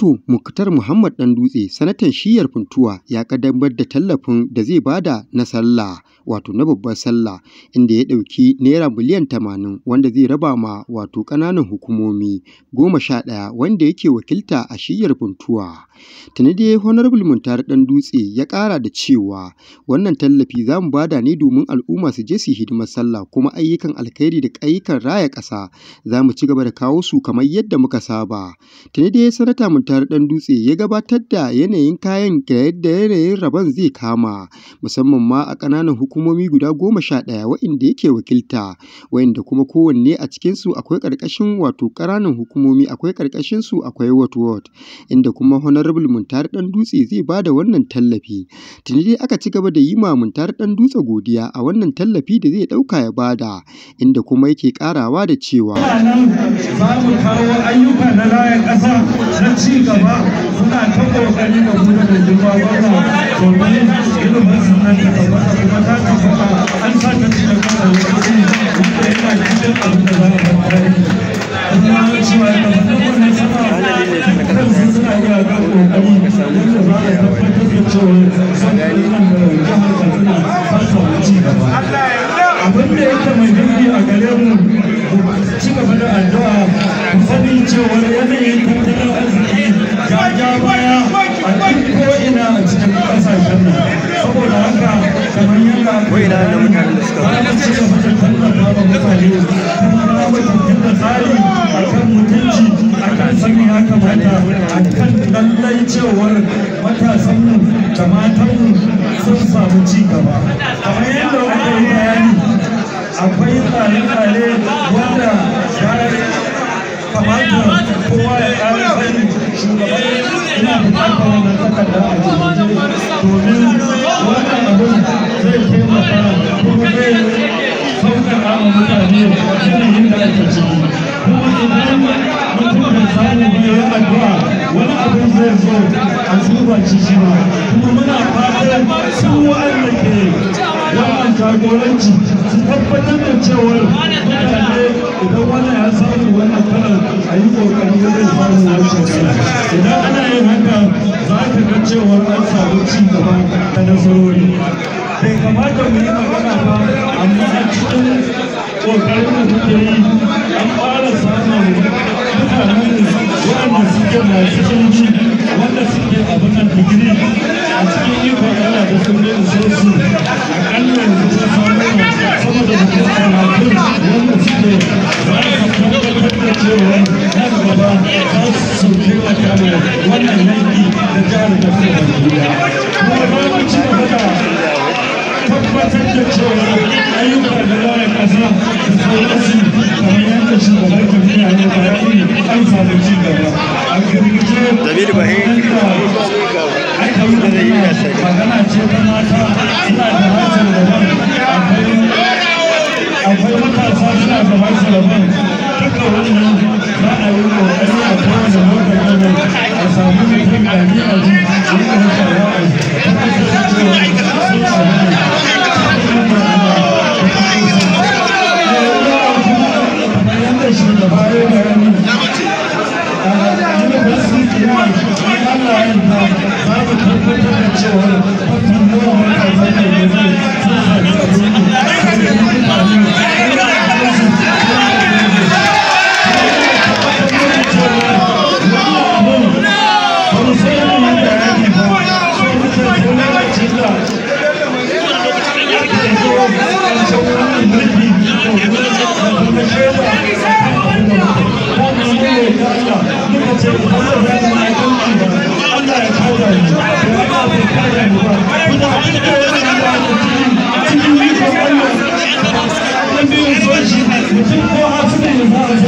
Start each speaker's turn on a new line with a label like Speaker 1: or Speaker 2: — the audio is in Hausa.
Speaker 1: Dr. Muktar Muhammad Dutse, sanatan shiyar Funtuwa ya kaddamar da tallafin da zai bada na sallah, wato na babbar sallah, inda ya ɗauki naira miliyan tamanin wanda zai raba ma wato ƙananan hukumomi goma sha ɗaya wanda yake wakilta a shiyar Funtuwa. Tani dai Honorable Muntar Dutse ya ƙara da cewa wannan tallafi za mu bada ne domin al'umma su je su hidimar sallah kuma ayyukan alkhairi da ayyukan raya ƙasa za mu ci gaba da kawo su kamar yadda muka saba. Tani dai sanata ɗan dutse, ya gabatar da yanayin kayan da yadda yanayin rabon zai kama, musamman ma a ƙananan hukumomi guda goma sha ɗaya wa'inda yake wakilta, wa'inda kuma kowanne a cikinsu akwai ƙarƙashin wato ƙananan hukumomi akwai ƙarƙashinsu akwai Ward Ward, inda kuma Honorable ɗan dutse zai ba da wannan tallafi. Tuni dai aka ci gaba da yi ma ɗan dutse godiya a wannan tallafi da zai ɗauka ya bada, inda kuma yake ƙarawa da cewa. kawo ayyuka na ƙasa ci gaba muna ta kokari da kuma da girma gwamna domin ilimin sannan ta tabbata kuma ta tabbata an sa ta cikin kasa wani wanda yana cikin abin da za a fara yi kuma cewa da wannan sama kansu suna iya ga kokari wanda za a tabbatar da cewa sannan nan da jihar katsina ta samu ci gaba abin da yake mai gani a gare mu ci da addu'a sanin cewa yanayin tattalin arziki ina da mutanen da suka akan mutunci akan ya kamata akan lallai cewar matasanmu samu ci gaba akwai tsare-tsare wanda kamata kowa ya ƙara sani shugaban ina bukatar wannan takarda a wani abin zai zo a duba shi shi ma kuma muna fatan su wa'anda ke wannan jagoranci su tabbatar da cewar mutane idan wannan ya samu wannan kalan a yi kokari wajen samun wancan kalan idan ana yin haka za ka ga cewar an samu ci gaba ta nasarori bai kamata mu yi magana ba amma a cikin kokarin da kuke yi masu sauki wanda suke abin nan digiri a cikin ikon Allah da sun da su a akalla yanzu ta samu sama da mutum talatin wanda suke za su tabbatar da cewa nan gaba za su sauke wa kama wannan yanki da jihar da ke da duniya. Kuma babu ci gaba tabbatar da cewa ayyuka da lawa ƙasa da sauransu kamar yadda shugaban tafiya ya bayani an samu ci gaba. David Bahin magana ce ta mata suna akwai matasa suna da harshen daban duka wannan za a yi a kawo a samu ni a yi 厉害！我们中国好兄弟。